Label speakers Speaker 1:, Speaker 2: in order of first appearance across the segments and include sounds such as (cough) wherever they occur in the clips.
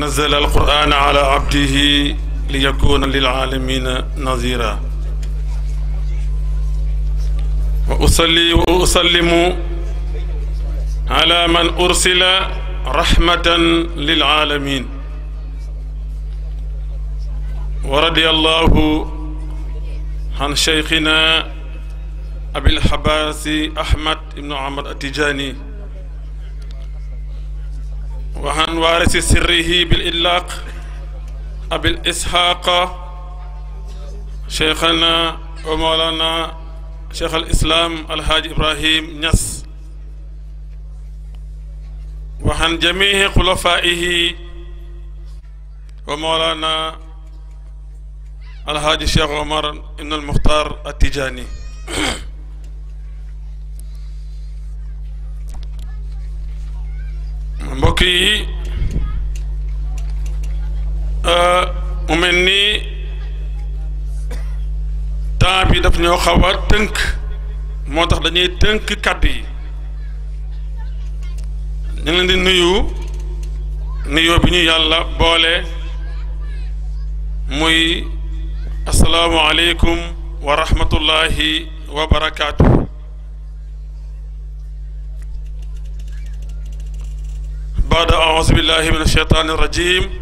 Speaker 1: nazala alqurana ala abdihi li yakuna lil alamina nazira wa usalli wa usallimu ala man ursila rahmatan lil alamin wa radiya allahu an cheikhina abil habasi ahmad ibnu amar atijani waxaan waarisi sirrihi bil illaaq abil isxaaqa cheikhana wa moolana cheikh al islaam alhaaji ibrahim ñas waxaan jamihi xulafaihi wa moolana alhaaji cheikh omar ibn al muxtaar attijaani mbokk yi euh, mu mel ni temps yi daf ñoo xaw tënk moo tax dañuy tënk kàddu yi ñu ngi di nuyu nuyoo bi ñu yàlla boole muy asalaamualeykum wa rahmatullahi wa بعد أعوذ بالله من الشيطان الرجيم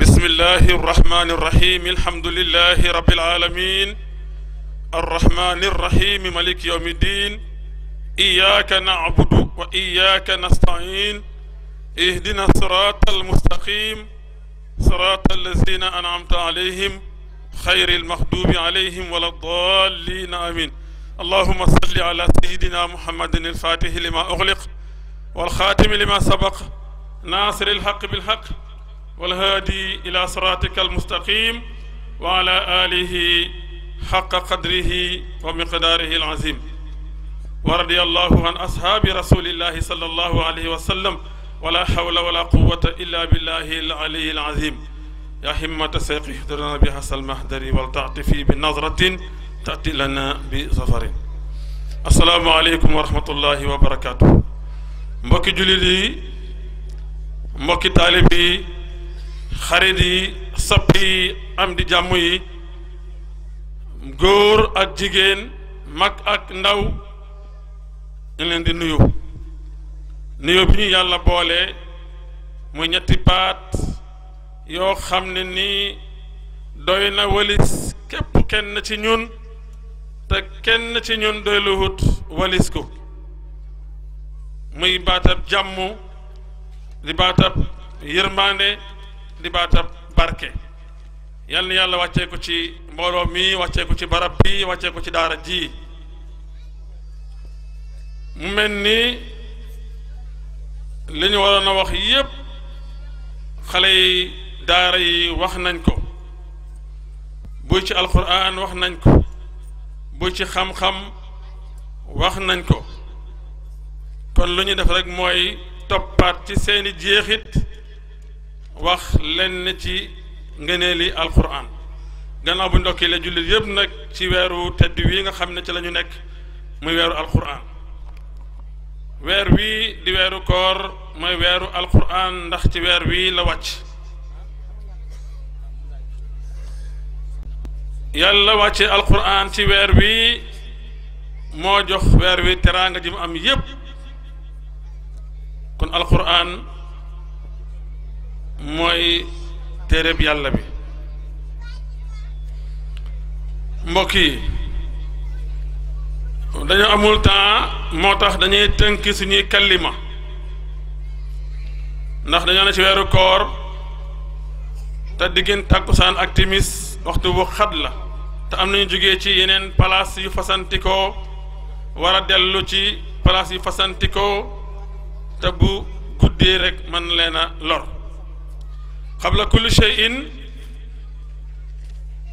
Speaker 1: بسم الله الرحمن الرحيم الحمد لله رب العالمين الرحمن الرحيم ملك يوم الدين إياك نعبد وإياك نستعين اهدنا الصراط المستقيم صراط الذين أنعمت عليهم خير المغضوب عليهم ولا الضالين آمين اللهم صل على سيدنا محمد الفاتح لما أغلق walxaatimi lima sabaq naasiri alxaq bilxaq walhaadi ila siratika almustaqim wa ala alihi xaqa qadrihi wa miqdaarihi alazim wa radi allahu an ashaabi rasulillahi sal allahu alayhi wa sallam wala hawla wala quwata illa billahi alaliyi alazim ya himmata seyqi durana bi hasal mahdari wal taatifi bi nazratin taati lana bi safarin assalaamu aleykum wa rahmatullahi wa barakatuh mbokki jullit yi mbokki taalib yi xarit yi sapp yi am di jàmm yi góor ak jigéen mag ak ndaw ñu leen di nuyu nuyu bi ñu yàlla boole muy ñetti paat yoo xam ne nii doy na walis képp kenn ci ñun te kenn ci ñun doy luhut walis ko muy baatab jàmm di baatab yërmande di baatab barke yal na yàlla wàccee ci mbooloo mi wàcceeku ci barab bi wàccee ci daara ji mu mel ni li ñu waroon wax yépp xale yi daara yi wax nañ ko buy ci alquran wax nañ ko buy ci xam-xam wax nañ ko kon lu ñu def rek mooy toppaat ci seeni jeexit wax lenn ci ngëneeli alquran gannaaw bu ndokki la jullit yëpp nag ci weeru tedd wii nga xam ne ci lañu nekk muy weeru alquran weer wii di weeru koor mooy weeru alquran ndax ci weer wii la wàcc yàlla wàcce alquran ci weer wii moo jox weer wi teraanga ji mu am yépp kon alquran mooy téereb yàlla bi mbokk yi dañu amul temps moo tax dañuy tënk suñuy kallima ndax dañoo ne ci weeru koor te diggéen tàkkusaan ak timis waxtu bu xat la te am nañu jógee ci yeneen palaas yu fasantikoo war a dellu ci palaas yu fasantikoo te bu guddee rek man leen a lor xabla kulli shay'in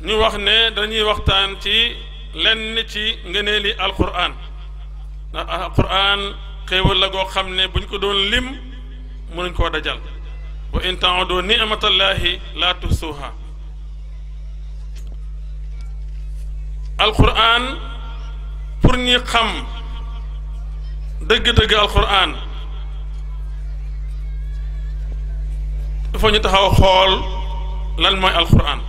Speaker 1: ñu wax ne dañuy waxtaan ci lenn ci ngëneeli alquran ndax alquran xéewal la goo xam ne buñ ko doon lim mënuñ koo dajal wa in taodu nicmatallahi la tuhsuha alquran pour ñi xam dëgg-dëgg alquran fa ñu taxaw xool lan mooy alquran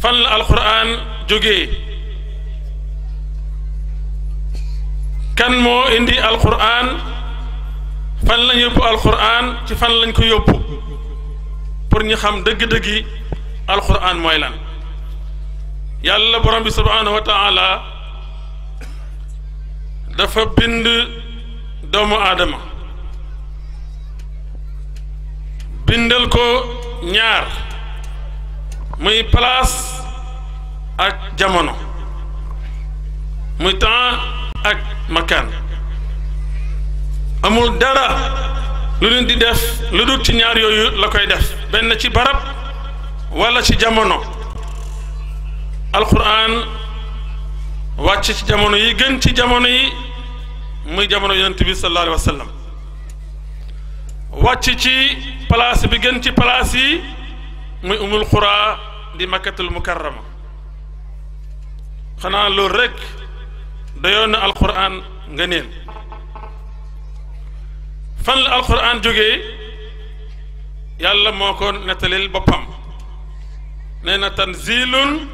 Speaker 1: fan la alquran jóge kan moo indi alquran fan lañ yóbbu alquran ci fan lañ ko yóbbu pour ñu xam dëgg-dëggi alquran mooy lan yàlla borom bi subhaanahu wa dafa bind doomu aadama bindal ko ñaar muy place ak jamono muy temps ak makaan amul dara lu nit di def lu dul ci ñaar yooyu la koy def benn ci barab walla ci jamono alquran wàcc ci jamono yi gën ci jamono yi muy jamono yoon bi sallallahu alayhi wa wàcc ci place bi gën ci place yi muy umul xuraa di makkatul mukarrama xanaa loolu rekk dayoon na alquran nga fan la alquran jógee yàlla moo ko nettalil boppam nee na tanzilun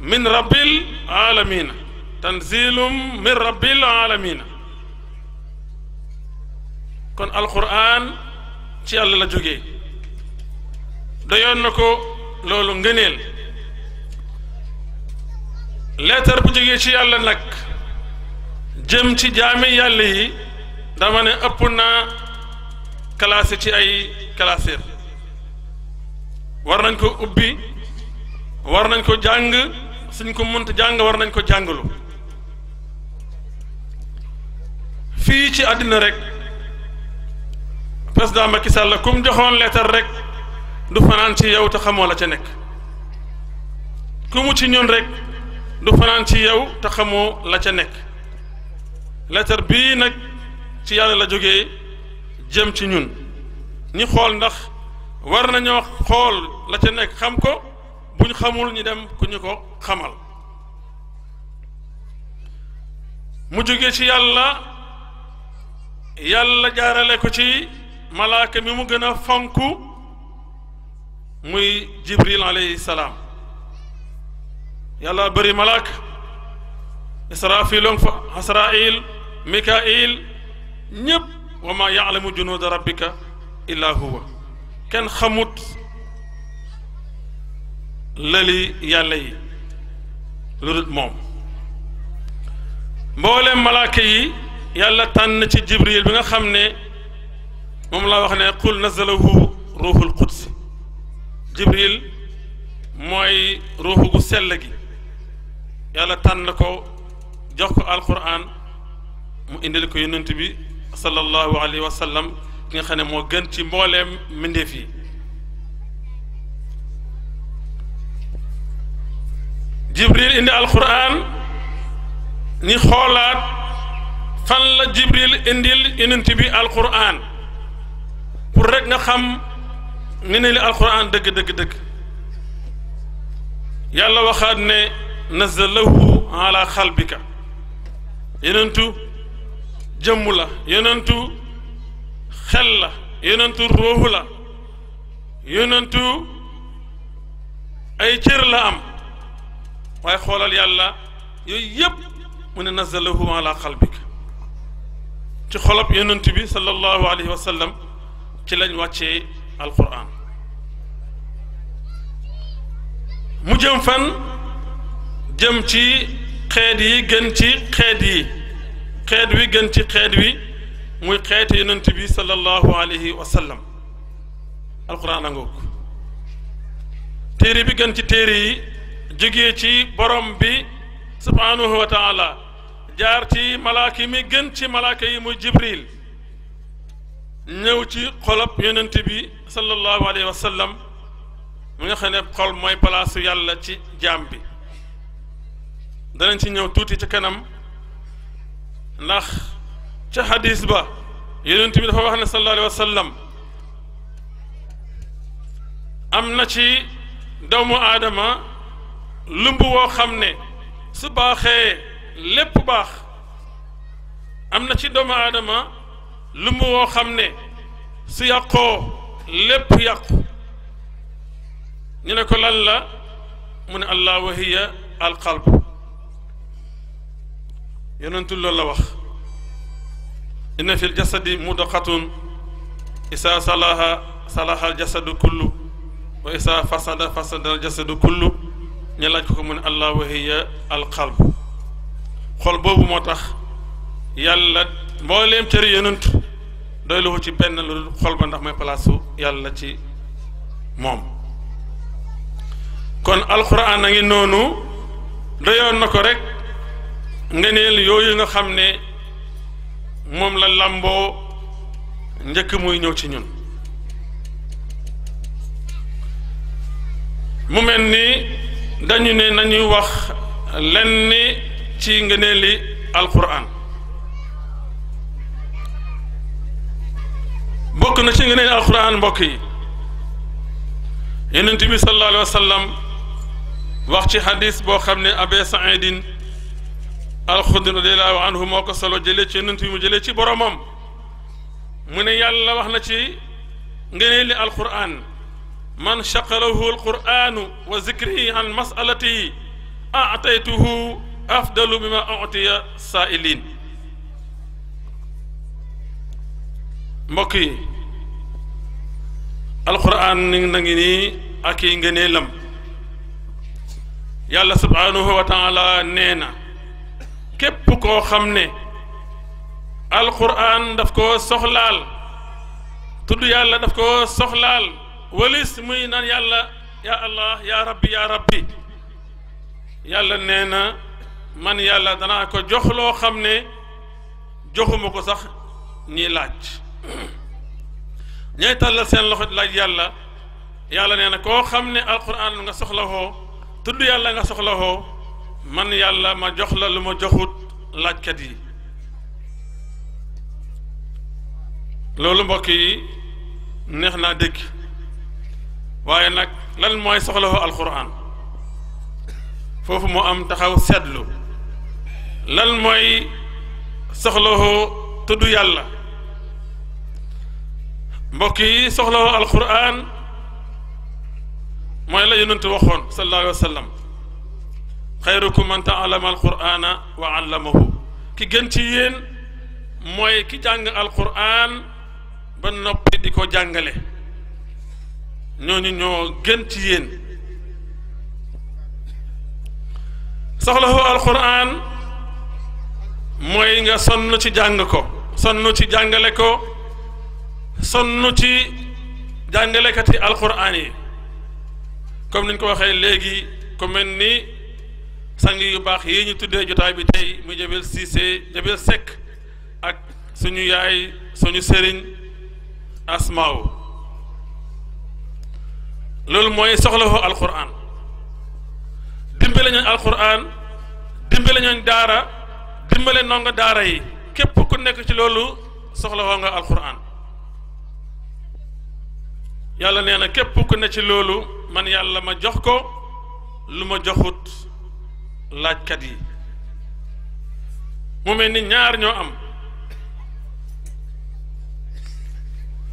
Speaker 1: min rabbil alamina tanzilum min rabbil alamina kon alquran ci àll la jóge doyoon na ko loolu ngëneel leetar bu jógee ci yàlla nag jëm ci jaame yàlla yi dama ne ëpp naa classé ci ay classeur war nañ ko ubbi war nañ ko jàng suñ ko mënta jàng war nañ ko jàngalu fii ci àddina rekk président Macky Sall ku mu joxoon leetar rek du fanaan ci yow te xamoo la ca nekk ku ci ñun rek du fanaan ci yow te xamoo la ca nekk leetar bii nag ci yàlla la jóge jëm ci ñun ñi xool ndax war nañoo xool la ca nekk xam ko bu ñu xamul ñu dem ku ñu ko xamal mu jóge ci yàlla yàlla jaarale ko ci malaaka mi mu gën a fonk muy jibril alayhi salaam bari bëri malaak israfilom fa asrail mikail ñépp wa ma yaalamu junuuda illa huwa kenn xamut lali yàlla yi lu dul moom mboolem malaaka yi yàlla tànn ci jibril bi nga xam ne moom laa wax ne qul nazalahu ruuxul quds jibril mooy ruuxu gu sell gi yàlla tànn ko jox ko alquran mu indil ko yonent bi sallallahu alayhi wa ki nga xam ne moo gën ci mbooleem mbindeef yi jibril indi alquran ñi xoolaat fan la jibril indil yonent bi alquran pour rekk nga xam ne ne li alquran dëgg dëgg dëgg yàlla waxaat ne nazalahu ala xalbika yenentu jëmm la yenentu xel la yenentu ruuxu la yenentu ay cër la am waaye xoolal yàlla yooyu yëpp mu ne nazalahu ala xalbika ci xolob yenentu bi sallallahu alayhi wa sallam ci lañ wàccee alquran mu jëm fan jëm ci xeet yi gën ci xeet yi xeet wi gën ci xeet wi muy xeet yonent bi sallallahu alayhi wa sallam alquran a ngoog téere bi gën ci téere yi jóge ci borom bi subhanahu wa taala jaar ci malaaka mi gën ci malaaka yi muy jibril ñëw ci xolob yonent bi sallallahu alayhi wa mu nga xam ne xol mooy palaasu yàlla ci jaam bi danañ ci ñëw tuuti ci kanam ndax ca xadis ba yonent bi dafa wax ne sallallahu alayhi wa sallam am na ci doomu aadama lumb woo xam ne su baaxee lépp baax am na ci doomu aadama lumb woo xam ne su yàqoo lépp yàqu ñu ne ko lan la mu ne allah wa hiya alqalb yonentu loolu la wax inna fi ljasadi mudaqatun isaa salaha salaha aljasadu kullu wa isaa fasada fasada aljasadu kullu ñu laaj ko ko mu ne allah wa hiya alqalb xol boobu moo tax yàlla mboolem cëri yonent doy lu ci benn lu dul xol ba ndax mooy palaasu yàlla ci moom kon alxuraan a ngi noonu doyoon na ko rek ngeneel yooyu nga xam ne moom la làmboo njëkk muy ñëw ci ñun mu mel ni dañu ne nañuy wax lenn ci ngeneeli alxuraan bokk na ci ngeen mbokk yi yonent bi sallallahu alayhi wa sallam wax ci xadis boo xam ne abe saidin alxudri radiallahu moo ko solo jëlee ci mu jëlee ci boromam mu ne yàlla wax na ci ngeen li alquran man shaqalahu alquranu wa zikrihi an masalatihi ataytuhu afdalu mima utiya saa'ilin mbokk yi alquran na ngi nii ak yi ngëneelam yàlla subhaanahu wa taala nee na képp koo xam ne alquran daf ko soxlaal tudd yàlla daf ko soxlaal walis muy naan yàlla ya allah ya rabbi ya rabbi yàlla nee na man yàlla danaa ko jox loo xam ne joxuma ko sax ñii laaj ñay tàllal seen loxo laaj yàlla yàlla nee na koo xam ne alquran nga soxla woo tudd yàlla nga soxla woo man yàlla ma jox la lu ma joxut laajkat yi loolu mbokk yi neex naa dégg waaye nag lan mooy soxla woo alquran foofu moo am taxaw seetlu lan mooy soxla woo tudd yàlla mbokk yi soxla alquran mooy la yonent waxoon sallallahu alayhi wa sallam xayrukum man wa allamahu ki gën ci yéen mooy ki jàng alquran ba noppi di ko jàngale ñoo ñooñu ñoo gën ci yéen soxlahu alquran mooy nga sonn ci jàng ko sonn ci jàngale ko sonn ci jàngalekati alquran yi comme niñ ko waxee léegi ku mel ni sang yu baax yi ñu tuddee jotaay bi tey mu Jabel Cissé Jabel Seck ak suñu yaay suñu sëriñ asmaaw loolu mooy soxlawoo alquran dimbale ñooñ alquran dimbale ñooñ daara dimbale ndongo daara yi képp ku nekk ci loolu soxla soxlawoo nga alquran yàlla nee na képp ku ne ci loolu man yàlla ma jox ko lu ma joxut laajkat yi mu mel ni ñaar ñoo am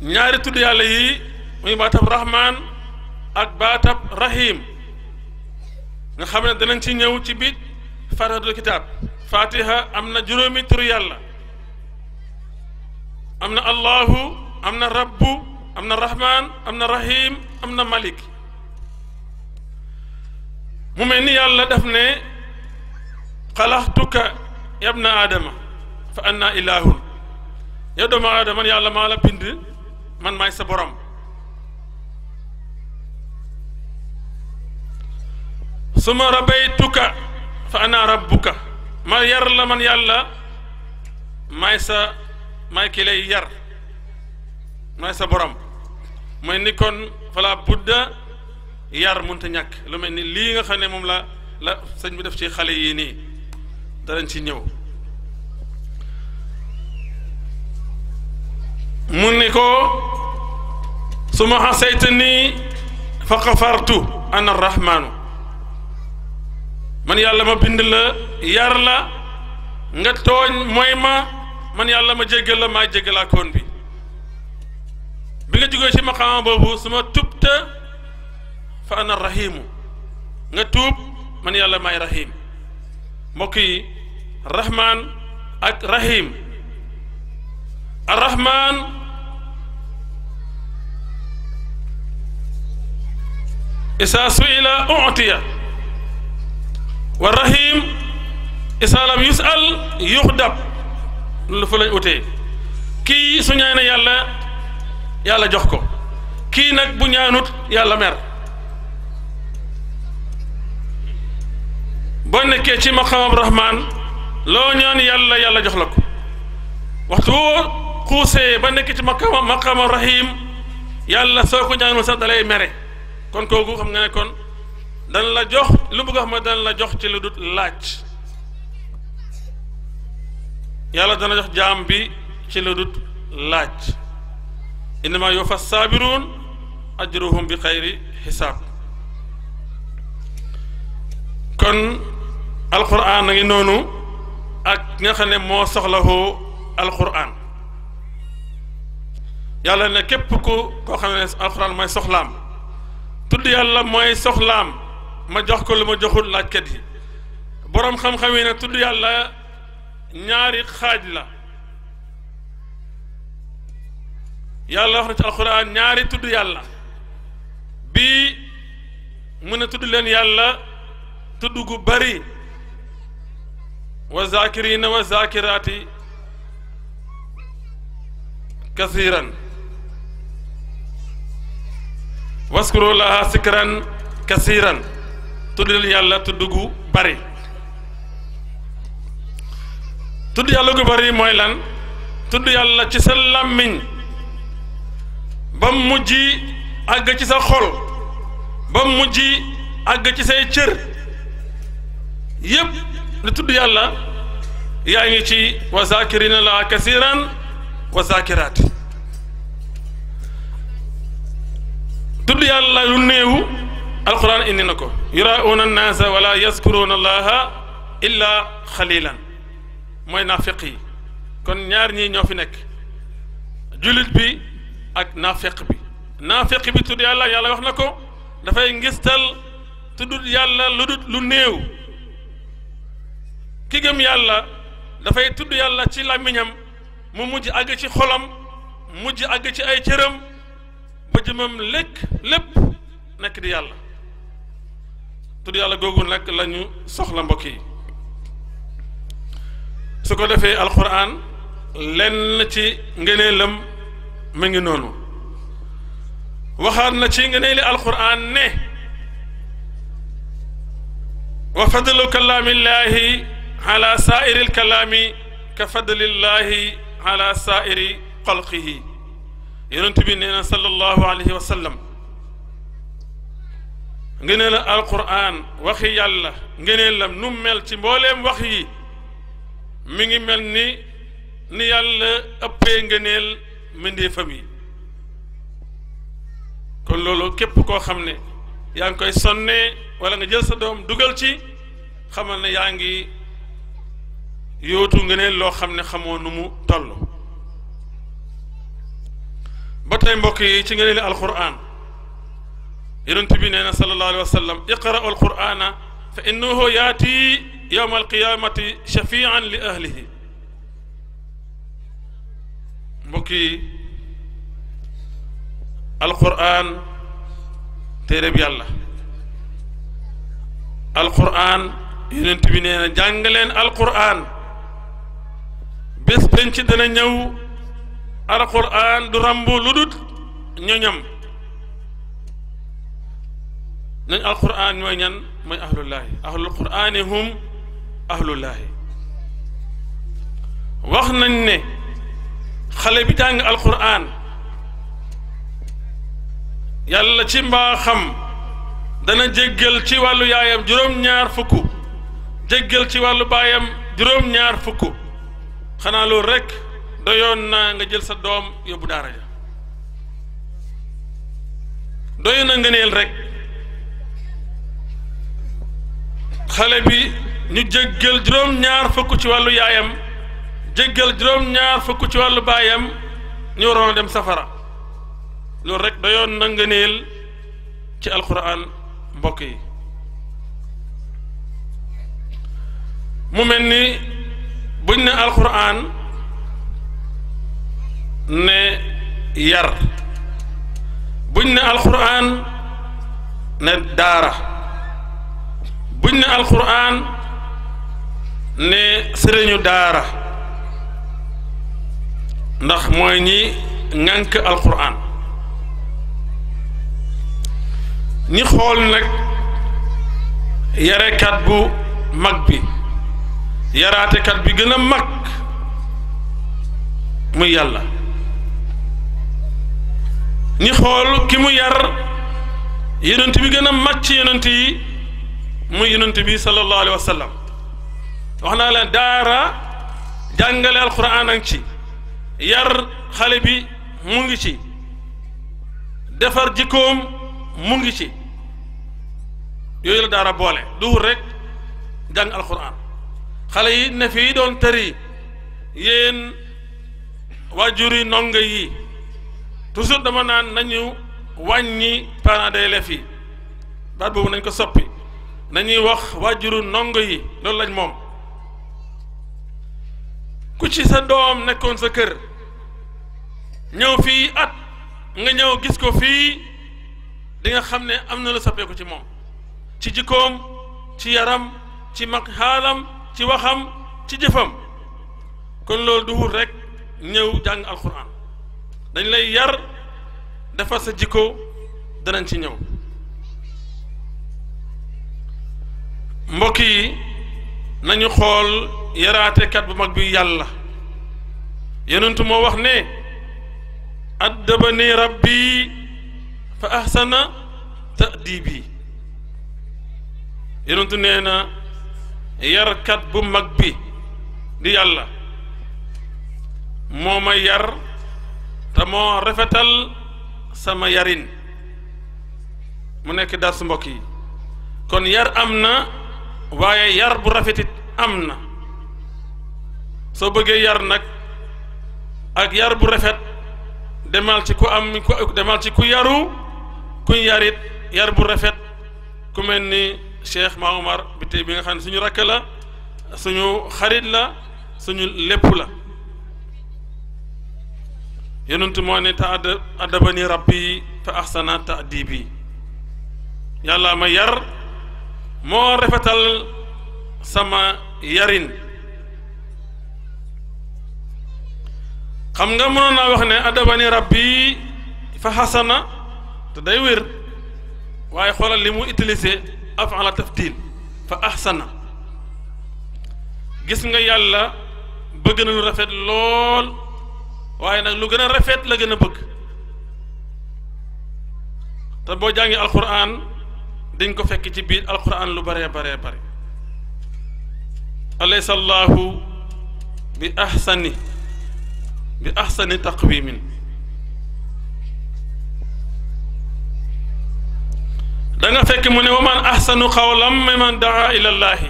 Speaker 1: ñaari tudd yàlla yi muy baatab rahman ak baatab rahim nga xam ne danañ ci ñëw ci biir fatihatul kitaab fatiha am na juróomi tur yàlla am na allahu am na rabbu am na rahman am na rahim am na malik mu mel ni yàlla def ne xalaxtuka yabna aadama fa anna ilaahun yow doomu aadama yàlla maa la bind man maay sa borom suma rabaytuka fa ana rabbuka ma yar la man yàlla maay sa maay lay yar mooy sa borom mooy ni kon budda yar mënta ñàkk lu mel ni lii nga xam moom la la bi def ci xale yii nii danañ ci ñëw mu ni ko su ma xasayta nii fa xafartu ana rahmaanu man yàlla ma bind la yar la nga tooñ mooy ma man yàlla ma jéggal la maa jéggalaa koon bi bi nga jógee ci maqaama boobu su ma tubta fa ana rahimu nga tuub man yàlla maay rahim mbokk yi rahman ak rahim arrahman isaa suila utiya wa rahim isaa lam yusal yuxdab lu fa lañ utee kii su ñaane yàlla yàlla jox ko kii nag bu ñaanut yàlla mer boo nekkee ci maqaamab rahmaan loo ñaan yàlla yàlla jox la ko waxtu xuusee ba nekk ci maqaama maqaama rahim yàlla soo ko ñaanul sax dalay mere kon kooku xam nga ne kon dan la jox lu bëgg a xam ne dan la jox ci lu dut laaj yàlla dana jox jaam bi ci lu dut laaj innama yuwaffa saabiruun ajruhum bi xayri xisaab kon alquran a ngi noonu ak nga xam ne moo soxlawoo alquran yàlla ne képp ku koo xam ne alquran mooy soxlaam tudd yàlla mooy soxlaam ma jox ko lu ma joxul laajkat yi boroom xam-xam yi ne tudd yàlla ñaari xaaj la yàlla wax na ci alxuraan ñaari tudd yàlla bii mu ne tudd leen yàlla tudd gu bari wa zakirina wa zakirati kasiran waskuru laha sikran kasiran tudd leen yàlla tudd gu bari tudd yàlla gu bari mooy lan tudd yàlla ci sa làmmiñ ba mujj àgg ci sa xol ba mujj àgg ci say cër yépp lu tudd yàlla yaa ngi ci wa zakirina laa kasiran wa zakiraat tudd yàlla lu néewu alquran indi na ko yurauna annaasa wala yaskuruna illa xalilan mooy naafiq yi kon ñaar ñii ñoo fi nekk jullit bi ak naafeq bi naafeq bi tudd yàlla yàlla wax na ko dafay ngistal tuddut yàlla lu dut lu néew ki gëm yàlla dafay tudd yàlla ci làmmiñam mu mujj àgg ci xolam mujj àgg ci ay cëram ba jëmam lekk lépp nekk di yàlla tudd yàlla googu nag lañu soxla mbokk yi su ko defee alquran lenn ci ngëneelam mu ngi noonu waxaat na ci nga nee li alquran ne wa fadlu kalaamillaahi ala saairi lkalaami ka fadlillaahi na sallallahu alayhi wa sallam ngëneel alquran waxi yàlla ngëneelam nu ci mboolem wax yi mi ngi mel ni ni mbindeefam yi kon loolu képp koo xam ne yaa ngi koy sonne wala nga jël sa doom dugal ci xamal ne yaa ngi yootu nga loo xam ne xamoo nu mu toll ba tey mbokk yi ci nga ne li alquran nee na sallallahu alayhi wa sallam iqra'u alqur'ana fa innahu yaati yawma alqiyamati shafi'an li ahlihi mbokk yi alquran téereb yàlla alquran yonent bi nee na jàng leen alquran bés penc dana ñëw alquran du ramb lu dut ñoñam nañ alquran ñooy ñan mooy ahlullaahi ahlul qurani hum ahlullaahi wax nañ ne xale bi jàng alquran yàlla ci mbaaxam dana jéggal ci wàllu yaayam juróom-ñaar fukk jéggal ci wàllu baayam juróom-ñaar fukk xanaa loolu rekk doyoon na nga jël sa doom yóbbu daara ja doy na ngëneel rekk xale bi ñu jéggal juróom-ñaar fukk ci wàllu yaayam jéggal juróom-ñaar fukk ci wàllu baayam ñu waroon dem safara loolu rek dayoon na ngëneel ci alquran mbokk yi mu mel ni buñ ne alquran ne yar buñ ne alquran ne daara buñ ne alquran ne sëriñu daara ndax mooy ñi ŋànk alquran ñi xool nag yarekat bu mag bi yaraatekat bi gën a mag muy yàlla ñi xool ki mu yar yonent bi gën a mag ci yonent yi mu yonent bi sallallahu alayhi wa sallam wax naa leen daara jàngale alquran ak ci yar xale bi mu ngi ci defar jikkoom mu ngi ci yooyu la daara boole duhur rekk jàng alxuraan xale yi ne fii doon tëri yéen waajuri ndongo yi toujours dama naan nañu wàññi parents d'élèves yi baat boobu nañ ko soppi nañuy wax waajuru ndongo yi loolu lañ moom ku ci sa doom nekkoon sa kër ñëw fii at nga ñëw gis ko fii di xam ne am na la soppeeku ci moom ci jikkoom ci yaram ci mag xaalam ci waxam ci jëfam kon loolu du wut rek ñëw jàng alquran dañ lay yar defar sa jikko danañ ci ñëw mbokk yi nañu xool yaraatekat bu mag bi yàlla yonentu moo wax ne addabani rabbi fa ahsana ta'dibi yonentu nee na yarkat bu mag bi di yàlla moo ma yar te moo rafetal sama yarin mu nekk dar su mbokk yi kon yar am na waaye yar bu rafetit am na soo bëggee yar nag ak yar bu rafet demal ci ku am demal ci ku yaru kuñ yarit yar bu rafet ku mel ni Cheikh Ma Omar bi nga xam ne suñu rakk la suñu xarit la suñu lépp la yonentu moo ne ta addabani rabbi fa ahsana ta'dibi yàlla ma yar moo rafetal sama yarin xam nga mënoon naa wax ne adabani rabbi fa xasana te day wér waaye xoolal li mu utiliser afala taftil fa ahsana gis nga yàlla bëgg na lu rafet lool waaye nag lu gën a rafet la gën a bëgg te boo jàngee alquran dañ ko fekk ci biir alquran lu baree baree bare alaysa allahu bi ahsani bi ahsani taqwimin da fekk mu ne wa man ahsanu qawlan mimman daa ila llaahi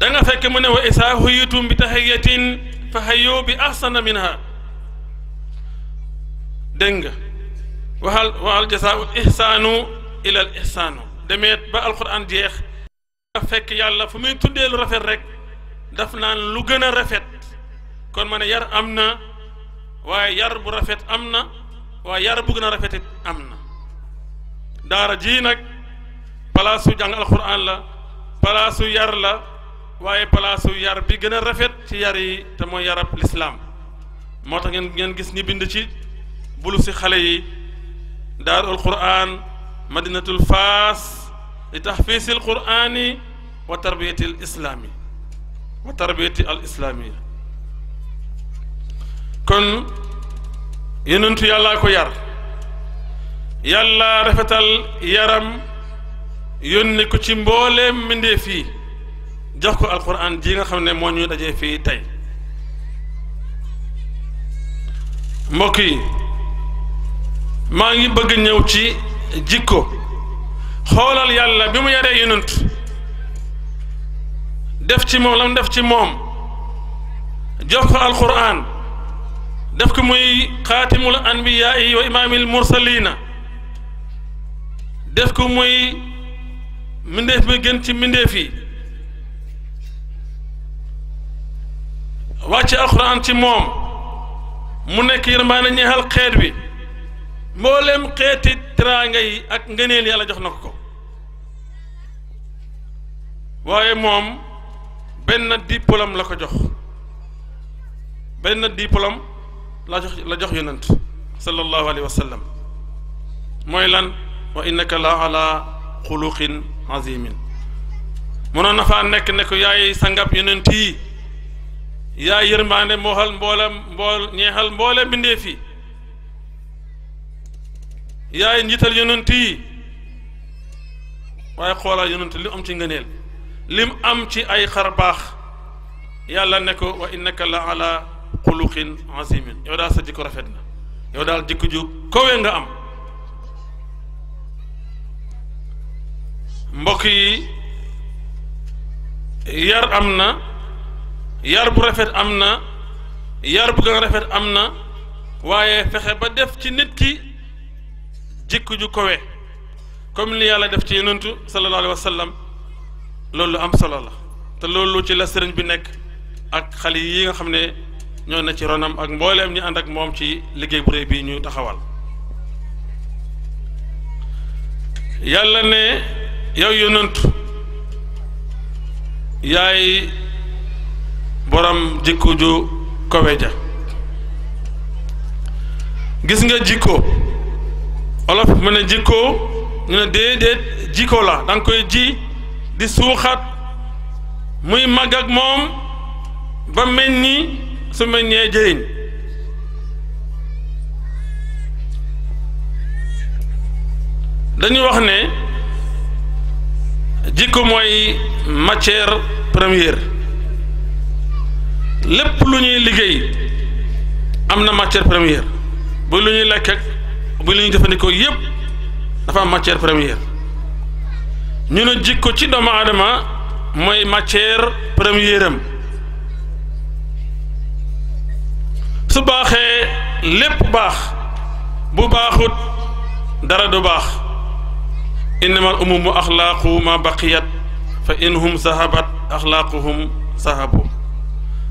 Speaker 1: da nga fekk mu ne wa isaa huyitum bi tahiyatin fa hayyu bi ahsana minha dégg nga waxal waxal jasaau ihsaanu ila al ihsaanu demeet ba alquran jeex nga fekk yàlla fu muy tuddee lu rafet rek daf naan lu gën a rafet kon mane yar am na waaye yar bu rafet am na waaye yar bu gën a rafetit am na daara jii nag palaasu jàng alxuraan la palaasu yar la waaye palaasu yar bi gën a rafet ci yar yi te mooy yarab lislaam moo tax ngeen ngeen gis ñi bind ci bulu si xale yi daarul quraan madinatul faas li taxfiisil quraani wa tarbiyati al islaami wa tarbiyati al islaamiya kon yonentu yàllaa ko yar yàlla rafetal yaram yónni ko ci mbooleem mbindee fii jox ko alquran ji nga xam ne moo ñuy dajee fii tey mbokk yi maa ngi bëgg ñëw ci jikko xoolal yàlla bi mu yaree yonent def ci moom lam def ci moom jox ko alquran def ko muy xaatimul anbiyaa yi wa imaamil mursalina def ko muy mbindeef mi gën ci mbindeef yi wàcce alxuraan ci moom mu nekk yërmaane ñeexal xeet bi mboolem xeeti teraanga yi ak ngëneel yàlla jox na ko waaye moom benn diplôme la ko jox benn diplôme la jox la jox yonant sallallahu alayhi wa lan wa innaka la ala xuluqin azimin mënoon na faa nekk ne ko yaay sangab yonent yi yaa yërmaande mooxal mboolem mbool ñeexal mboolem mbindeef yi yaay njiital yonent yi waaye xoolal yonent li mu am ci ngëneel li am ci ay xar baax yàlla wa innaka la ala xuluqin azimin yow daal sa jikko rafet na yow daal jikko ju kowe nga am mbokk yi yar am na yar bu rafet am na yar bu gën rafet am na waaye fexe ba def ci nit ki jikko ju comme li yàlla def ci yonentu sallallahu alayhi loolu am solo la te loolu ci la sëriñ bi nekk ak xale yi nga xam ne ñoo na ci ronam ak mbooleem ñi ànd ak moom ci liggéey bu réy bii ñu taxawal yàlla ne yow yonantu yaay borom jikko ju kowe ja gis nga jikko olof mu ne jikko ñu ne déedéet jikko la da koy ji di suuxat muy màgg ak moom ba mel su ma ñee jëriñ dañu wax ne jikko mooy matière première lépp lu ñuy liggéey am na matière première bu lu ñuy lekk ak bu lu ñuy jëfandikoo yépp dafa am matière première ñu ne jikko ci doomu aadama mooy matière première am su baaxee lépp baax bu baaxut dara du baax innama al umumu axlaaqu ma baqiyat fa inhum sahabat axlaaquhum sahabu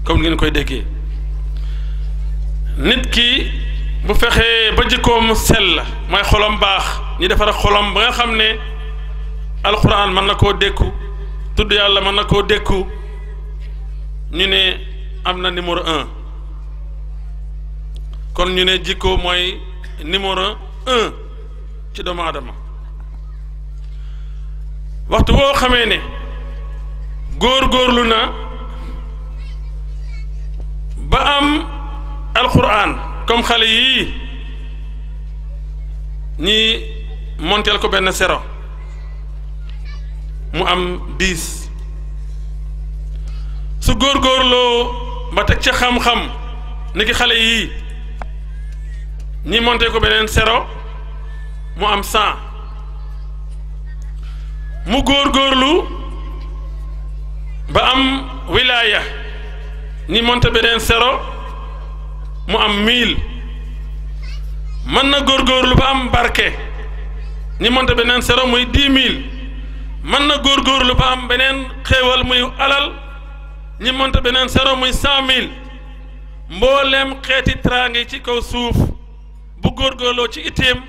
Speaker 1: comme ngeen koy déggee nit ki bu fexee ba jikkoom sell mooy xolom baax ñi defar xolom ba nga xam ne alxuraan mën na koo dékku tudd yàlla mën na koo dékku ñu ne am na numéro un kon ñu ne jikko mooy numéro un ci doomu aadama waxtu boo xamee ne góor-góorlu na ba am alquran comme xale yii ñi monteel ko benn sero mu am diis su góor-góorloo ba teg ci xam-xam niki xale yii ñi monté ko beneen zéro mu am cent mu góorgóorlu ba am wilaya ñi monté beneen zéro mu am mille mën na góorgóorlu ba am barke ñi monté beneen zéro muy dix mille mën na góorgóorlu ba am beneen xewal muy alal ñi monté beneen zéro muy cent mille mbooleem xeeti teraanga yi ci kaw suuf bu góorgóorloo ci itteem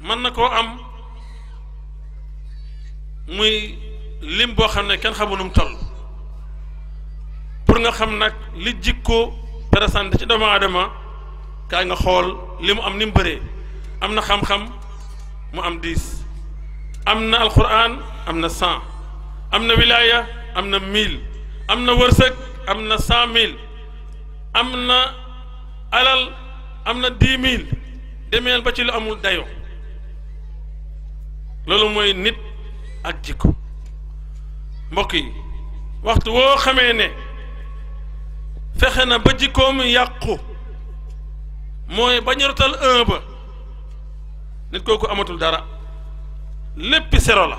Speaker 1: mën na koo am muy lim boo xam ne kenn xamu nu mu pour nga xam nag li jikko présenté ci doomu aadama kaa nga xool li am ni mu am na xam-xam mu am dix am na alquran am na cent am na wilaya am na mille am na wërsëg am na cent mille am na alal am na dix mille demeel ba ci lu amul dayo loolu mooy nit ak jikko mbokk yi waxtu woo xamee ne fexe na ba jikkoom yàqu mooy ba ñortal un ba nit kooku amatul dara lépp sero la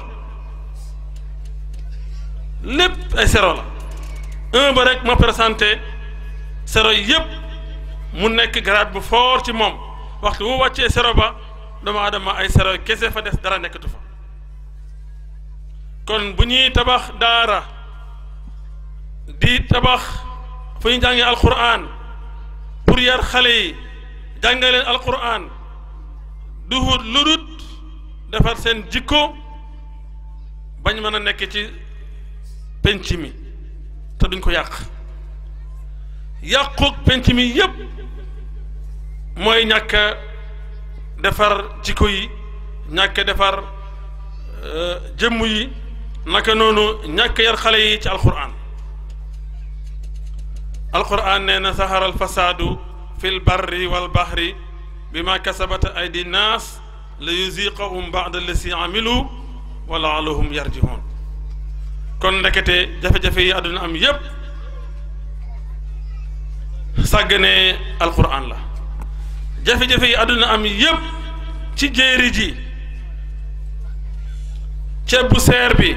Speaker 1: lépp ay sero la un ba rek ma présenté sero yépp mu nekk garaat bu foor ci moom waxtu wu wàccee sero ba doomu aadama ay sero kese fa des dara nekkatu fa kon bu ñuy tabax daara di tabax fu ñu jàngee alquran pour yar xale yi jàngale leen alquran duhut ludut defar seen jikko bañ mën a nekk ci penc mi te duñ ko yàq yàquk penc mi yépp mooy ñàkk a defar jikko yi ñàkk defar euh, jëmm yi naka noonu ñàkk yar xale yi ci alquran alquran nee na sahara alfasaadu fi lbarri walbahri bima kasabat aydi nnaas la yuziqahum bada lasi amilu wa laalahum yarjihoon kon ndekete jafe-jafe yi àdduna am yépp sàgganee alquran la jafe-jafe yi àdduna am yépp ci jéeri ji ceeb bu seer bi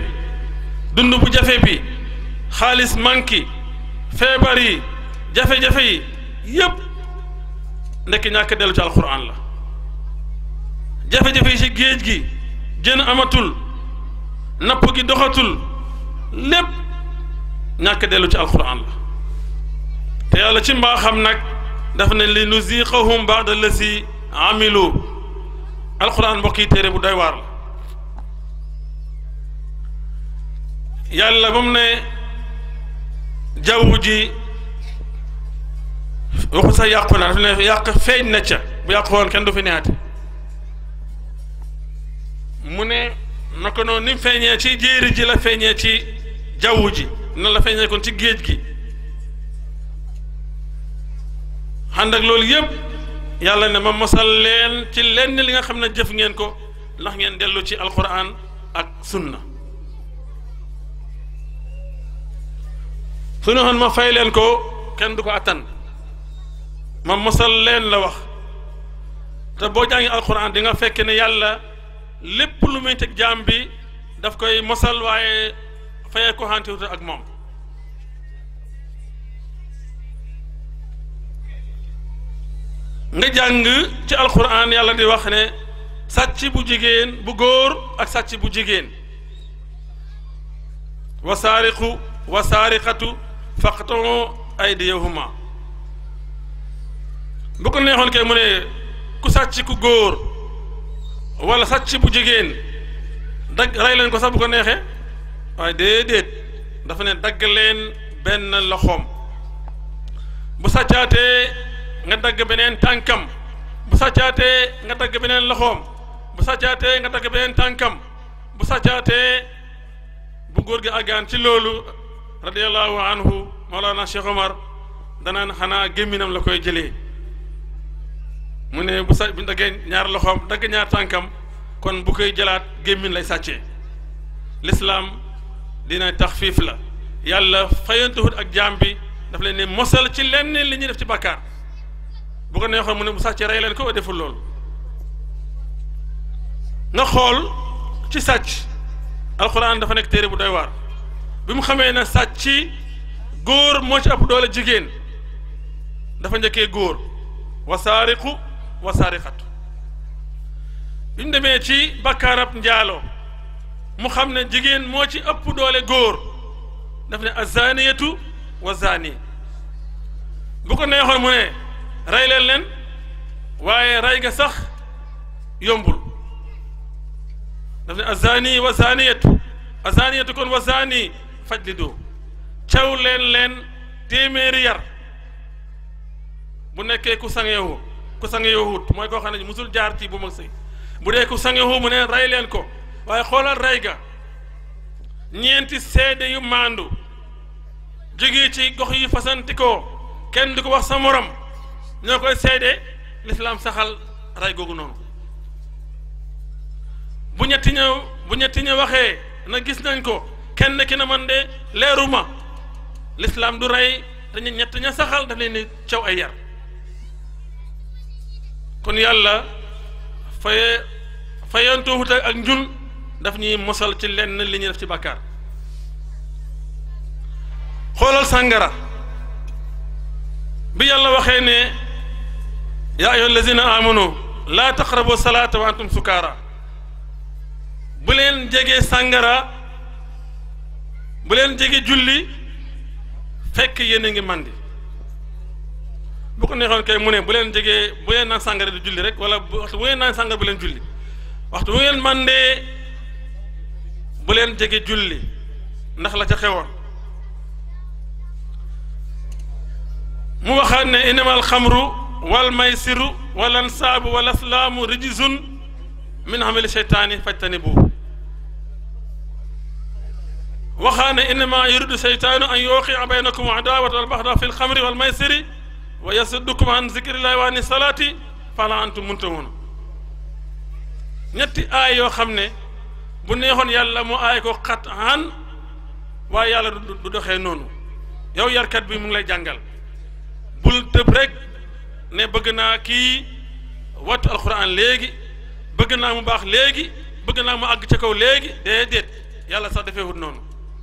Speaker 1: dund bu jafe bi xaalis manki feebar yi jafe-jafe yi yépp ndekk ñàkk dellu ci alquran la jafe-jafe yi ci géej gi jën amatul napp gi doxatul lépp ñàkk dellu ci alquran la yàlla ci mbaaxam nag daf ne li nuziqahum ba'da lasi amilu alxuraan mbokk yi téere bu doy waar la yàlla moom mu ne jaww ji waxu sa yàqu na daf ne yàq feeñ na ca bu yàqu woon kenn du fi neexati mu ne naka noonu ni feeñee ci jéeri ji la feeñee ci jaww ji na la feeñee kon ci géej gi ànd loolu yëpp yàlla ne ma mosal leen ci lenn li nga xam ne jëf ngeen ko ndax ngeen dellu ci alquran ak sunna su ne ma fay leen ko kenn du ko attan ma mosal leen la wax te boo jàngi alxuraan di nga fekk ne yàlla lépp lu muy teg jaam bi daf koy mosal waaye fayee ko xantewuta ak moom nga jàng ci alquran yàlla di wax ne sàcc bu jigéen bu góor ak sàcc bu jigéen wa saariqu wa saariqatu faqtoo bu ko neexoon kay mu ne ku sàcc ku góor wala sàcc bu jigéen dagg rey leen ko sax bu ko neexee waaye déedéet dafa ne dagg leen benn loxoom bu sàccaatee nga dagg beneen tànkam bu sàccaatee nga dagg beneen loxoom bu sàccaatee nga dagg beneen tànkam bu sàccaatee bu góor gi àggaan ci loolu radiallahu anhu maulana Cheikh Omar danaan xanaa gémminam la koy jëlee mu ne bu sa bu daggee ñaar loxoom dagg ñaar tànkam kon bu koy jëlaat gémmin lay sàccee lislaam dina taxfiif la yàlla fayantuhut ak jaam bi daf leen ne mosal ci lenn li ñuy def ci bàkkaar bu ko neexoon mu ne mu sàccee rey leen ko deful loolu na xool ci sàcc alxuraan dafa nekk téere bu doy war bi mu xamee ne sàcc góor moo ci ëpp doole jigéen dafa njëkke góor wasaariqu wasaariqatu bi mu demee ci bakkaarab njaalo mu xam ne jigéen moo ci ëpp doole góor daf ne azaniyatu wa zani bu ko neexoon mu ne rey leen leen waaye rey ga sax yombul daf ne azani wa zaniyatu azaniyatu kon wa zani fajlidu caw leen leen téeméeri yar bu nekkee ku sangeewu ku sangeewut mooy koo xam musul jaar ci bu mag sëy bu dee ku sangeewu mu ne rey leen ko waaye xoolal rey ga ñeenti seede yu maandu jógee ci gox yi fasanti fasantikoo kenn di ko wax sa morom ñoo koy seede lislaam saxal rey googu noonu bu ñetti ñëw bu ñetti ña waxee na gis nañ ko kenn ki na man de leeruma lislaam du rey dañu ñett ña saxal daf leen ni caw ay yar kon yàlla faye fayantooxut ak njun daf ñuy mosal ci lenn li ñuy def ci bàkkaar xoolal sàngara bi yàlla waxee ne yaa ayyuha allazina amanu laa taqrabu salaata wa antum sukaara bu leen jege sàngara bu leen jege julli fekk yéen a ngi màndi bu ko neexoon kay mu ne bu leen jege bu leen naan sàngara di julli rek wala waxtu bu ngeen naan sàngara bu leen julli waxtu bu ngeen màndee bu leen jege julli ndax la ca mu waxaat ne innamal xamru wal maysiru wal ansaabu wal aslaamu rijisun min amali seytaani fajtanibu waxaane innama yuridu seytaanu an yuqia baynakum adaawata wal baxda fi lxamri wal maysiri wa yasuddukum an zikrillahi wa ani salaati fala antum muntahun ñetti aay yoo xam ne bu neexoon yàlla mu aay ko xat an waaye yàlla du doxee noonu yow yarkat bi mu ngi lay bul tëb ne bëgg naa kii wattu alxuraan léegi bëgg naa mu baax léegi bëgg naa mu àgg ci kaw léegi déedéet yàlla sax defeewut noonu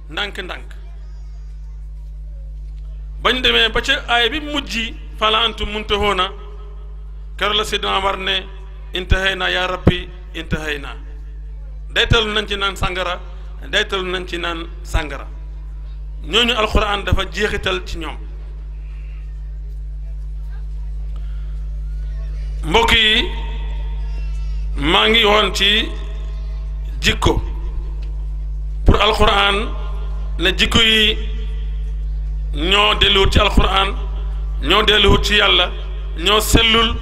Speaker 1: ndànk-ndànk bañ demee ba ca aay bi mujj fala antum muntahoona kero la sidna Umar ne intahay naa yaa rabbi intahay daytalu nañ ci naan sàngara daytalu nañ ci naan sàngara ñooñu alxuraan dafa jeexital ci ñoom mbokk yi maa ngi woon ci jikko pour alquran ne jikko yi ñoo delluwut ci alquran ñoo delluwut ci yàlla ñoo sellul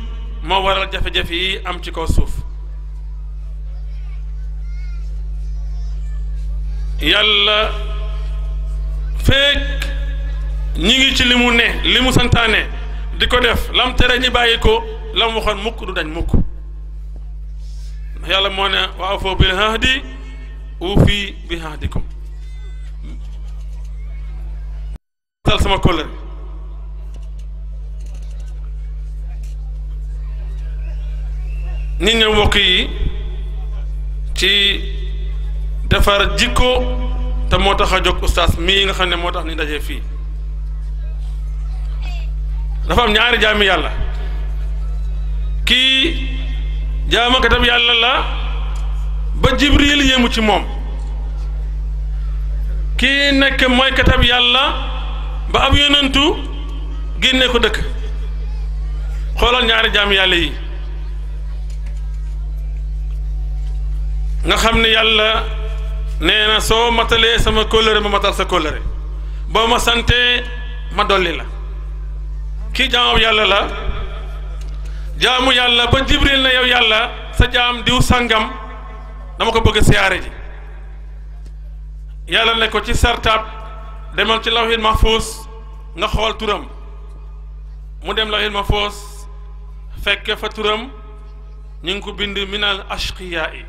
Speaker 1: moo waral jafe-jafe yi am ci ko suuf yàlla fekk ñi ngi ci li mu ne li mu santaane di ko def lam tere ñi bàyyi ko la mu mukk du dañ mukk ndax yàlla moo ne wa awfoo bi ahdikum tal sama kóllëre nit ñi mbokk yi ci defar jikko te moo tax a jóg ustaas mii nga xam ne moo tax ni dajee fii dafa am ñaari jaami yàlla kii jaamakatam yàlla la ba jibril yéemu ci moom kii nekk mooy katam yàlla ba ab yonentu génnee ko dëkk xoolal ñaari jaam yàlla yi nga xam ne yàlla nee na soo matalee sama kóllëre ma matal sa kóllëre boo ma sante ma dolli la kii jaamam yàlla la jaamu yàlla ba jibril na yow yàlla sa jaam diw sàngam dama ko bëgg a siyaare ji yàlla ne ko ci sartaab demal ci lawhil mahfuus nga xool turam mu dem lawhil mahfuus fekke fa turam ñu ngi ko bind minal ashqiyaa yi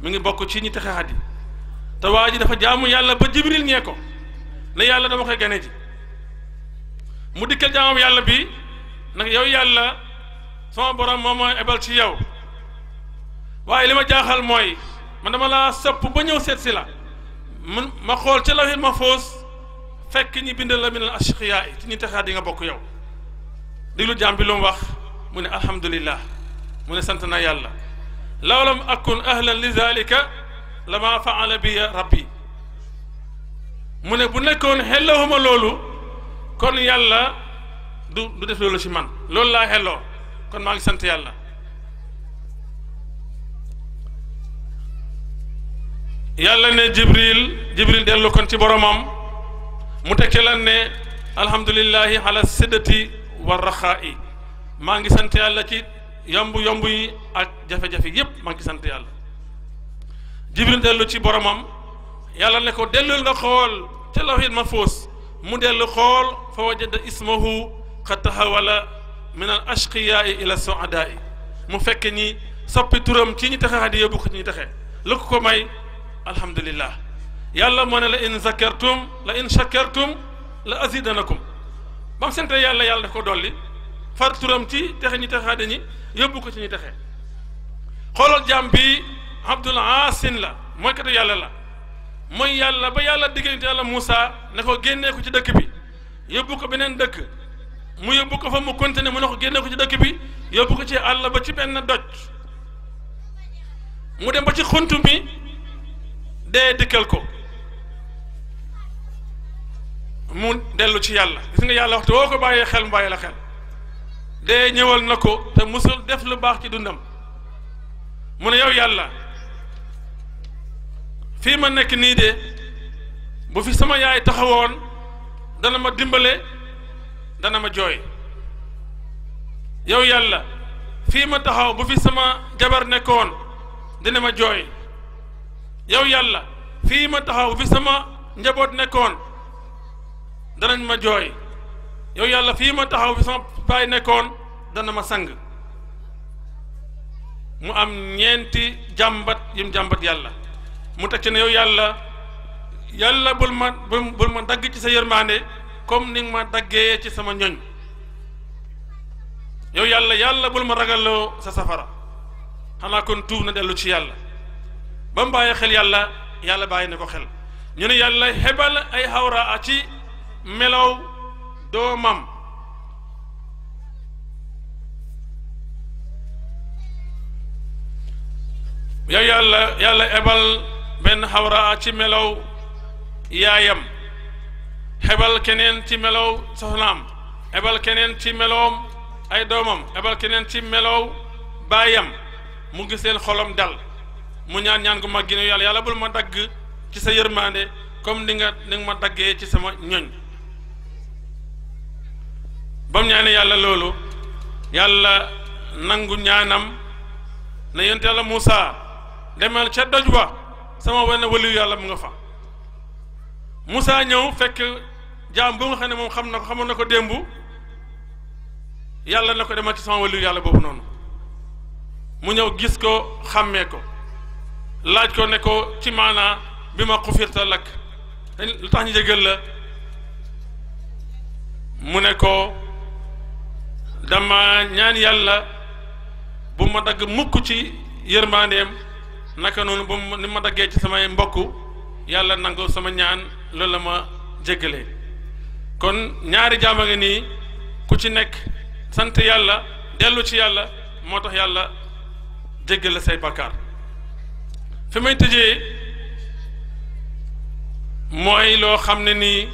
Speaker 1: mu ngi bokk ci ñi texeat yi te waa ji dafa jaamu yàlla ba jibril ñee ko ne yàlla dama koy gane mu dikkal jaamam yàlla bi nag yow yàlla sama borom moom mooy ebal ci yow waaye li ma jaaxal mooy man dama laa sëpp ba ñëw seet si la man ma xool ca lawhil mahfuus fekk ñi bind la minal ashqiyaa yi ñi taxaa di nga bokk yow diglu jaam bi lu mu wax mu ne alhamdulillah mu ne sant na yàlla law lam akun ahlan li zalika lama faala bi rabbi mu ne bu nekkoon xelloo ma loolu kon yàlla du def loolu ci man loolu laa xelloo kon maa ngi sant yàlla yàlla ne jibril jibril dellu kon ci boromam mu tekki lan ne alhamdulillahi ala siddati wa raxaa'i maa ngi sant yàlla ci yomb yomb yi ak jafe-jafe yépp maa ngi sant yàlla jibril dellu ci boromam yàlla ne ko dellul nga xool ca lawhil mahfuus mu dellu xool fa wajada ismahu qad tahawala min al ashqiyaai ila saadaai mu fekk ñi soppi turam ci ñi texe xadi yóbbu ko ci ñi taxe lu ko ko may alhamdulillah yàlla moo ne la in zakartum la in shakartum la azidanakum ba mu sante yàlla yàlla daf ko dolli far turam ci texe ñi taxe xadi ñi yóbbu ko ci ñi taxe xoolal jaam bi abdul asin la mooy yàlla la mooy yàlla ba yàlla diggante yàlla Moussa ne ko génnee ko ci dëkk bi yóbbu ko beneen dëkk mu yóbbu ko fa mu continuer mu ne ko génne ko ci dëkk bi yóbbu ko ci àll ba ci benn doj mu dem ba ci xuntu bi dee dikkal ko mu dellu ci yàlla gis nga yàlla waxtu woo ko bàyyee xel mu bàyyi la xel dee ñëwal na ko te musul def lu baax ci dundam mu ne yow yàlla fii ma nekk nii de bu fi sama yaay taxawoon dana ma dimbale dana ma jooy yow yàlla fii ma taxaw bu fi sama jabar nekkoon dina ma jooy yow yàlla fii ma taxaw bu fi sama njaboot nekkoon dana ma jooy yow yàlla fii ma taxaw fi sama baay nekkoon dana ma sang mu am ñeenti jàmbat yim jàmbat yàlla mu teg ci ne yow yàlla yàlla bul ma bul ma dagg ci sa yërmaande comme ni ma daggee ci sama ñoñ yow yàlla yàlla bul ma ragalloo sa safara xanaa kon tuub na dellu ci yàlla ba mu bàyyi xel yàlla yàlla bàyyi na ko xel ñu ne yàlla xebal ay xawraa ci melow doomam yow yàlla yàlla ebal benn xawraa ci melow yaayam xebal keneen ci melow soxnaam ebal keneen ci meloom ay doomam ebal keneen ci melow baayam mu gis leen xolam dal mu ñaan ñaan gu mag gi ne yàlla yàlla bul ma dagg ci sa yërmande comme ni nga ni ma daggee ci sama ñoñ ba mu ñaane yàlla loolu yàlla nangu ñaanam na yonent yàlla Muusa demal ca doj wa sama wenn waliyu yàlla mu nga fa Muusa ñëw fekk jaam boo nga xam ne moom xam na ko xamoon na ko démb yàlla na ko demal ci sama wàllu yàlla boobu noonu mu ñëw gis ko xàmmee ko laaj ko ne ko ci maanaa bi ma xufirta lakk lu tax ñu jéggal la mu ne ko dama ñaan yàlla bu ma dagg mukk ci yërmandeem naka noonu bu ni ma daggee ci samay mbokk yàlla nangu sama ñaan loolu la ma jéggalee kon ñaari jaam a nii ku ci nekk sant yàlla dellu ci yàlla moo tax yàlla jéggal la say bàkkaar fi may tëjee mooy loo xam ne nii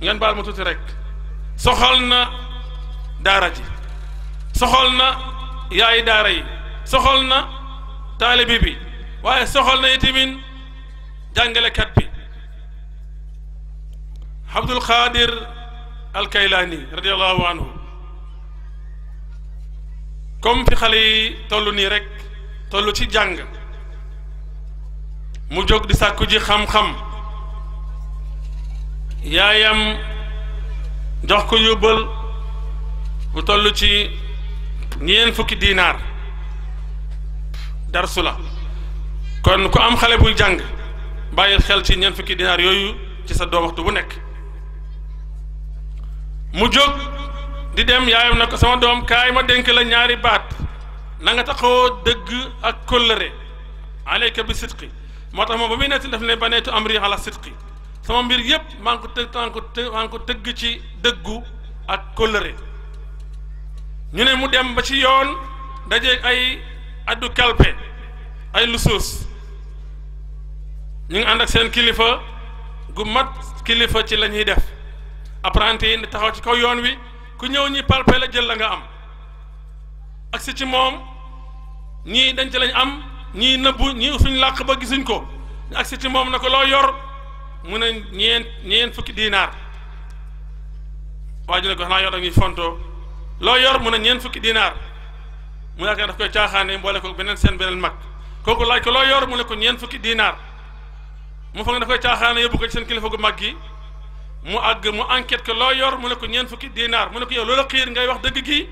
Speaker 1: ngeen baal ma tuuti rek soxal na daara ji soxol na yaayi daara yi soxal na taalibi bi waaye soxal na itimin jàngalekat bi Abdul Xaadir Alkaylaani radiallahu anhu comme fi xale yi tollu nii rek tollu ci jàng mu jóg di sàkku ji xam-xam yaayam jox ko yóbbal bu toll ci ñeent fukki diinaar darsu la kon ku am xale buy jàng bàyyil xel ci ñeent fukki diinaar yooyu ci sa doom waxtu bu nekk mu jóg di dem yaayam na ko sama doom kaay ma dénk la ñaari baat na nga taxoo dëgg ak kóllëre aleyka bi sidqi moo tax moom ba muy netti daf ne baneetu amri ala sidqi sama mbir yépp maa ngi ko tëgg tëgg ci dëggu ak kóllëre ñu ne mu dem ba ci yoon daje ay addu kalpe ay lusuus ñu ngi ànd ak seen kilifa gu mat kilifa ci la ñuy def apprenti yi taxaw ci kaw yoon wi ku ñëw ñi palpe la jël la nga am agsi ci moom ñii denc lañ am ñii nëbbu ñii suñ làq ba gisuñ ko ñu agsi ci moom na ko loo yor mu ne ñeent ñeent fukki diinaar waa ji ne ko xanaa yor da ñuy yor mu ne ñeent fukki diinaar mu yaakaar daf koy caaxaane mboole ko beneen seen beneen mag kooku laaj ko loo yor mu ne ko ñeent fukki diinaar mu foog ne dafa koy caaxaane yóbbu ko ci seen kilifa gu mag gi mu àgg mu enquête que loo yor mu ne ko ñeent fukki dinaar mu ne ko yow loola xiir ngay wax dëgg gi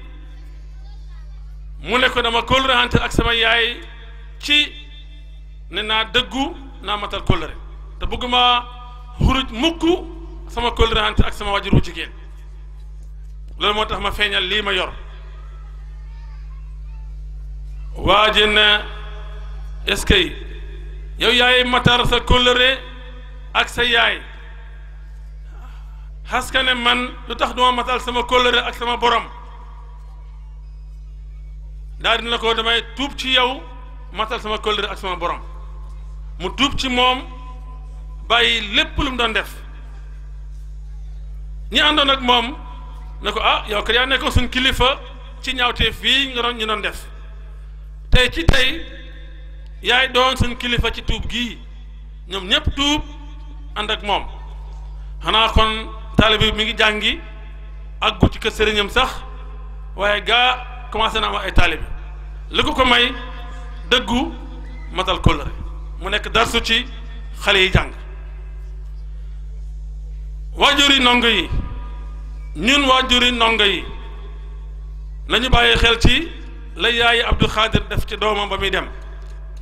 Speaker 1: mu ne ko dama kóllërante ak sama yaay ci ne naa dëggu naa matal kóllëre te bëgguma xuruj mukk sama kóllërante ak sama wajur wu jigéen loolu moo tax ma feeñal lii ma yor waa ji ne est-ce que yow yaay matar sa kóllëre ak sa yaay xaskane man lu tax duma matal sama kóllëre ak sama borom daal dina ko damay tuub ci yow matal sama kóllëre ak sama borom mu tuub ci moom bàyyi lépp lu mu doon def ñi àndoon ak moom ne ko ah yow kat yaa nekkoon suñ kilifa ci ñaawteef fii nga doon ñu doon def tey ci tey yaay doon suñ kilifa ci tuub gii ñoom ñëpp tuub ànd ak moom xanaa kon taalibe bi mi ngi jàngi àggu ci kër sëriñam sax waaye gaa commencé na am ay taalibe li ko ko may dëggu matal kóllëre mu nekk darsu ci xale yi jàng waajuri ndongo yi ñun waajuri ndongo yi nañu bàyyi xel ci la yaayi Abdou Khadir def ci doomam ba muy dem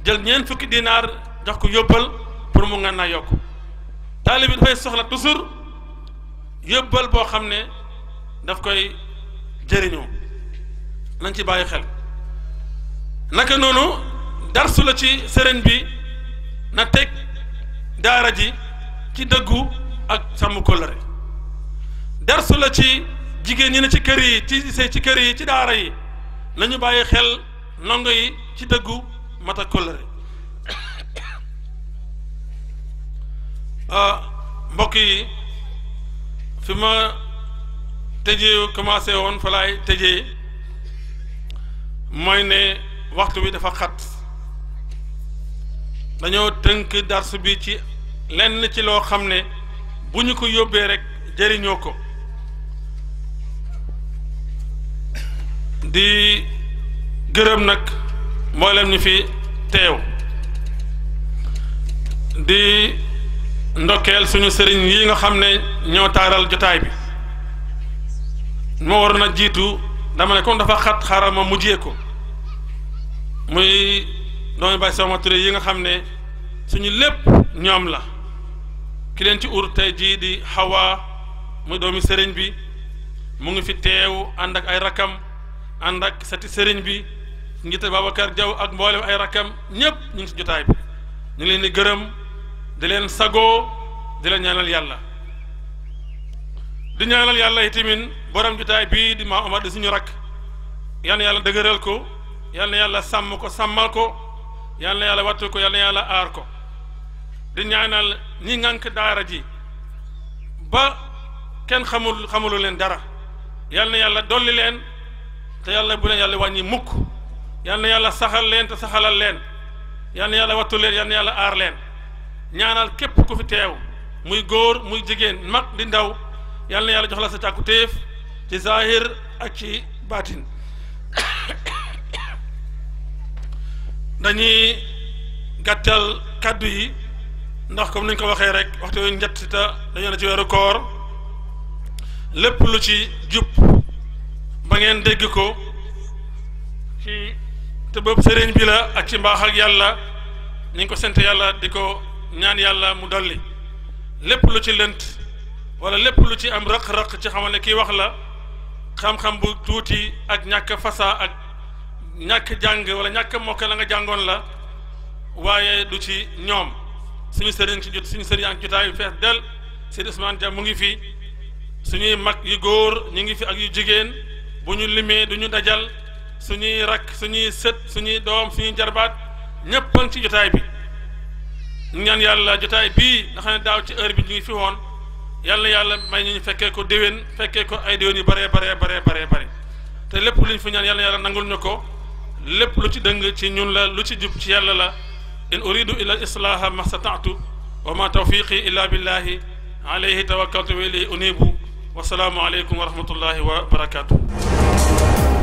Speaker 1: jël ñeent fukki dinaar jox ko yóbbal pour mu ngan naa yokk taalibe bi dafay soxla toujours yóbbal boo xam ne daf koy jëriñoo nañ ci bàyyi xel naka noonu darsu ci sëriñ bi na teg daara ji ci dëggu ak sàmm kóllëre darsu ci jigéen ñi ne ci kër yi ci sëy ci kër yi ci daara yi nañu bàyyi xel ndongo yi ci dëggu mat ak kóllëre (coughs) ah, mbokk yi fi ma tëjee commencé woon fa laay tëjee mooy ne waxtu bi dafa xat dañoo tënk dars bi ci lenn ci loo xam ne bu ñu ko yóbbee rek jëriñoo ko di gërëm nag mboolem ñu fi teew di ndokkeel suñu sëriñ yi nga xam ne ñoo taaral jotaay bi moo waroon a jiitu dama ne comme dafa xat xaaral ma mujjee ko muy doomi Baye Sama Touré yi nga xam ne suñu lépp ñoom la ki leen ci ur tey jii di Hawa muy doomi sëriñ bi mu ngi fi teew ànd ak ay rakam ànd ak sati sëriñ bi njiite Babacar jaw ak mboolem ay rakkam ñëpp ñu ngi si jotaay bi ñu leen di gërëm. di leen sagoo di leen ñaanal yàlla di ñaanal yàlla itimin borom jotaay bii di maa omar di suñu rakk yal na yàlla dëgëral ko yal na yàlla sàmm ko sàmmal ko yàlla wattu ko yal yàlla aar ko di ñaanal ñi ngànk daara ji ba kenn xamul xamulu leen dara yal na yàlla dolli leen te yàlla bu leen yàlla wàññi mukk yal na yàlla saxal leen te saxalal leen yal na yàlla wattu leen yal yàlla aar leen ñaanal képp ku fi teew muy góor muy jigéen mag di ndaw yàlla na yàlla jox la sa càkku téef ci zahir ak ci baatin (coughs) dañuy gàttal kàddu yi ndax comme ni ko waxee rek waxtu yu njëtt ta dañoo ne ci weeru koor lépp lu ci jub ba ngeen dégg ko ci te boobu sëriñ bi la ak ci mbaax ak yàlla ñu ngi ko sant yàlla di ko ñaan yàlla mu dolli lépp lu ci lënt wala lépp lu ci am rëq-rëq ci xamal ne wax la xam-xam bu tuuti ak ñàkk fasaa ak ñàkk jàng wala ñàkk mokk la nga jàngoon la waaye du ci ñoom suñu sëriñ ci jot suñu sëriñ ak jotaay fees del Seydi Ousmane Dia mu ngi fi suñuy mag yu góor ñu ngi fi ak yu jigéen bu ñu limee du ñu dajal suñuy rakk suñuy sët suñuy doom suñuy jarbaat ñëpp a ci jotaay bi ñu ñaan yàlla jotaay bii nga xam ne daaw ci heure bi ñu ngi fi woon yàlla yàlla may ñu fekkee ko déwén fekkee ko ay déwén yu baree baree baree baree bare te lépp lu ñu fi ñaan yàlla yàlla nangul ñu ko lépp lu ci dëng ci ñun la lu ci jub ci yàlla la in uridu illa islaaha ma stata'tu wa ma tawfiqi illa billahi alayhi tawakkaltu wa ilayhi wa salaamu aleykum wa rahmatullahi wa barakatuh